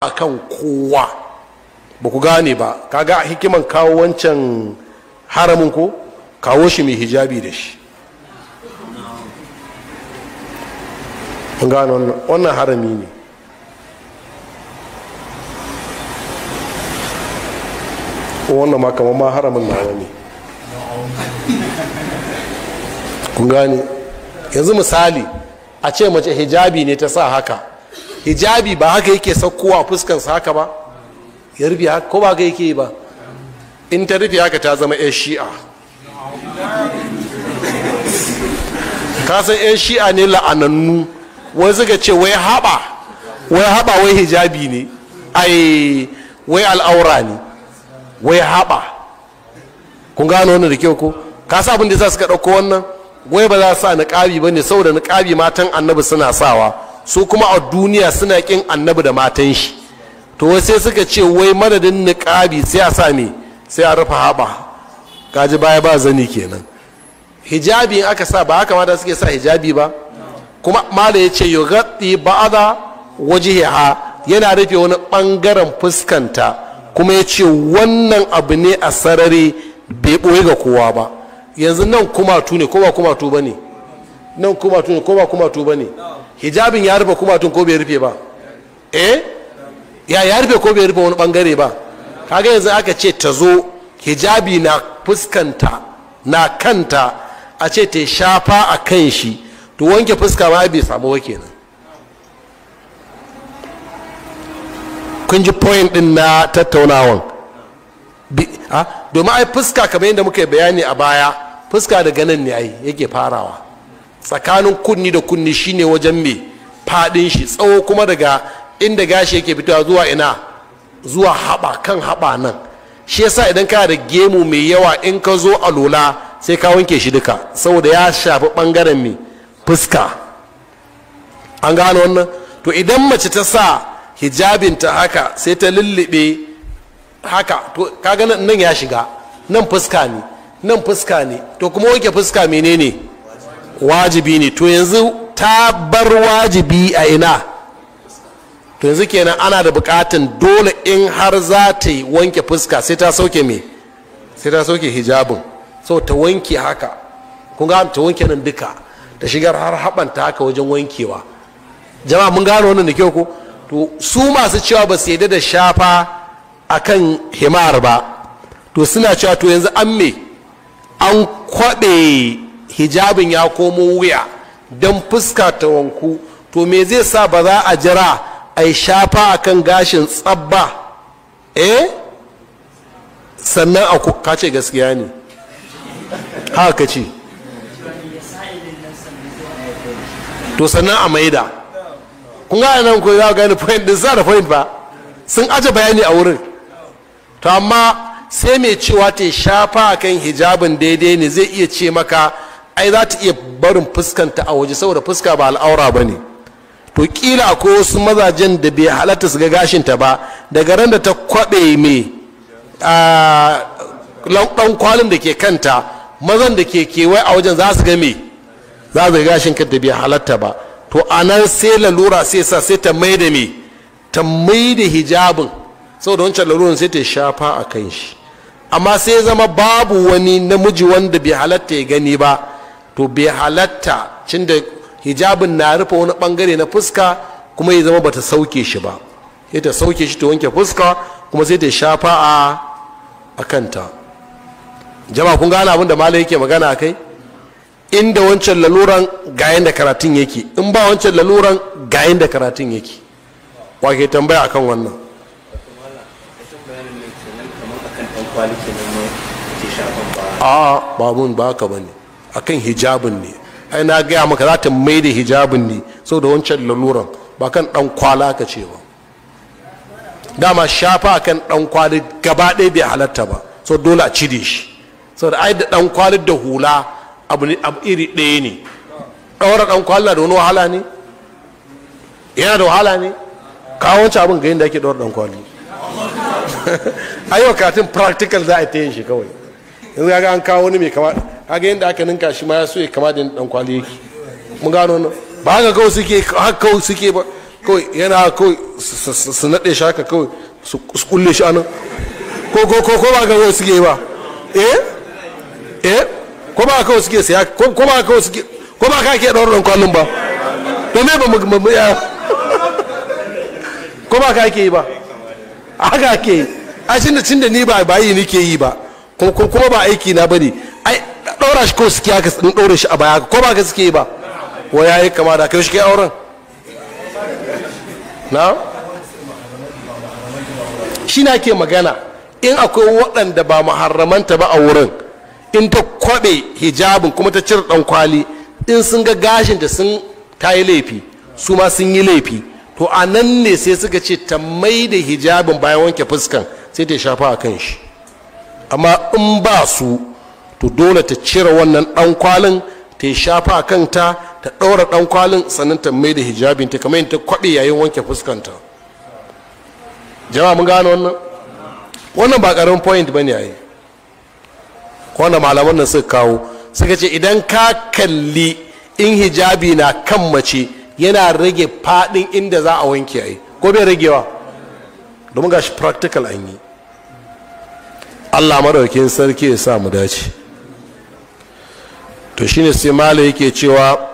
akan kowa ba ku gane ba kaga hikiman kawo wancan haramin ko kawo shi mai hijabi da shi gano wannan harami ne wannan ma kamar ma haramin na wani Ku gane yanzu misali a ce mace hijabi ne ta sa haka hijabi ba haka yake saukowa fuskansa haka ba ya rufe haka ko ba haka yake yi ba in ta rufe haka ta zama yan shi'a ka san yan shi'a ne la'anannu wai suka ce wai haɓa wai haɓa wai hijabi ne ai wai al'aura ne wai haɓa kun gano wannan da kyau ko ka sa abin da sa suka ɗauko wannan wai ba za su sa niƙabi ba ne saboda niƙabi matan annabi suna sawa su kuma a duniya suna kin annabi da matan shi to wai sai suka ce wai madadin niqabi sai a sa me sai a rufe haɓa kaji baya ba zani kenan hijabi in aka sa ba haka mata suke sa hijabi ba kuma mala ya ce yughatti ba'da wajhiha yana rufe wani bangaren fuskanta kuma yace wannan abu ne a sarari bai ɓoye ga kowa ba yanzu nan kumatu ne ko ba kumatu ba ne nan kumatu ne ko ba kumatu ba ne hijabin ya rufe kumatun ko bai rufe ba eh ya rufe ko bai rufe wani bangare ba kaga yanzu aka ce ta zo hijabi na fuskanta na kanta a ce ta shafa a kan shi to wanke fuska ma bai samu wake kenan kun ji point din na tattaunawan ah, domin ai fuska kamar yadda muka yi bayani a baya fuska daga nan ne ai yake farawa tsakanin kunni da kunni shine wajen mai fadin shi tsawo kuma daga inda gashi yake fitowa zuwa ina zuwa haɓa kan haɓa nan shi yasa idan kana da gemu mai yawa in ka zo a lola sai ka wanke shi duka saboda ya shafi bangaren mai fuska an gano wannan to idan mace ta sa hijabinta haka sai ta lullube haka to kaga nan ya shiga nan fuska ne nan fuska ne to kuma wanke fuska menene ne wajibi ne to yanzu ta bar wajibi a ina to yanzu kenan ana da bukatan dole in har za ta wanke fuska sai ta sauke me sai ta sauke hijabin so ta wanke haka kun ga ta wanke nan duka ta shigar har haɓanta haka wajen wankewa jama'a mun gano wannan da kyau ko to su masu cewa ba su yadda da shafa akan himar ba to suna cewa to yanzu an me an kwaɓe hijabin ya komo wuya don fuska ta wanku to me zai sa ba za a jira a yi shafa a kan gashin tsabba eh sannan a kuka ce gaskiya ne haka ce to sannan a maida kun gane nan ko za gane point din sa da point ba sun aje bayani a wurin to amma sai mai cewa ta shafa akan hijabin daidai ne zai iya ce maka ai za ta iya barin fuskanta a waje saboda fuska ba al'aura ba ne to kila akwai wasu mazajen da bai halatta su ga gashinta ba daga ran da ta kwaɓe mai a ɗan kwalin da ke kanta mazan da ke kewaye a wajen za su ga mai za su ga gashin kanta bai halatta ba to a nan sai lalura sai sa sai ta mai da mai ta mai da hijabin saboda wancan laluran sai ta shafa a kan shi amma sai zama babu wani namiji wanda bai halatta ya gani ba to bai halatta cin da hijabin na rufe wani bangare na fuska kuma ya zama ba ta sauke shi ba sai ta sauke shi ta wanke fuska kuma sai ta shafa a a kanta jama'a kun gane abin da mala yake magana a kai inda wancan laluran ga yadda karatun yake in ba wancan laluran ga yadda karatun yake wa ke tambaya akan wannan a babun ba haka bane akan hijabin ne ai na gaya maka za ta mai da hijabin ne saboda wancan laluran ba kan dan kwala ka ce ba dama shafa akan dan kwali gaba ɗaya bai halatta ba so dole a cire shi saboda ai da dan kwali da hula abu iri ɗaya ne ɗaura dan kwali na da wani wahala ne yana da wahala ne kawo wancan abin ga yadda ake ɗaura dan kwali ayyuka katin practical za a ta yin shi kawai yanzu ga an kawo wani mai kama kaga yadda aka ninka shi ma ya so ya kama da dan kwali yake mun gano nan ba haka kawai suke haka kawai suke ba kawai yana kawai su naɗe shi haka kawai su kulle shi anan ko ko ko ba haka kawai suke ba eh eh ko ba haka kawai suke saya ko ba haka kawai suke ko ba haka ke ɗaura dan kwalin ba to me ba mu ya ko ba haka ake yi ba haka ake yi a cin da da ni ba yi nike yi ba kuma ba aiki na bane ɗora shi ko suke aka ɗora shi a baya ko ba ka suke ba wa ya yi kama da kai shi kai auren na shi na ke magana in akwai waɗanda ba maharramanta ba a wurin in ta kwaɓe hijabin kuma ta cire ɗan kwali in sun ga gashin da sun ta yi laifi su ma sun yi laifi to a nan ne sai suka ce ta mai da hijabin bayan wanke fuskan sai ta shafa a kan shi amma in ba su to dole ta cire wannan ɗan kwalin ta yi shafa a kanta ta ɗaura ɗan kwalin sannan ta mai da hijabin ta kamar ta kwaɗe yayin wanke fuskanta jama'a mun gano wannan wannan ba ƙaramin point ba ne yayi wanda malaman nan suka kawo suka ce idan ka kalli in hijabi na kan mace yana rage faɗin inda za a wanke yi. ko bai ragewa domin gashi practical an yi allah madaukin sarki ya sa mu dace to shine sai malai yake cewa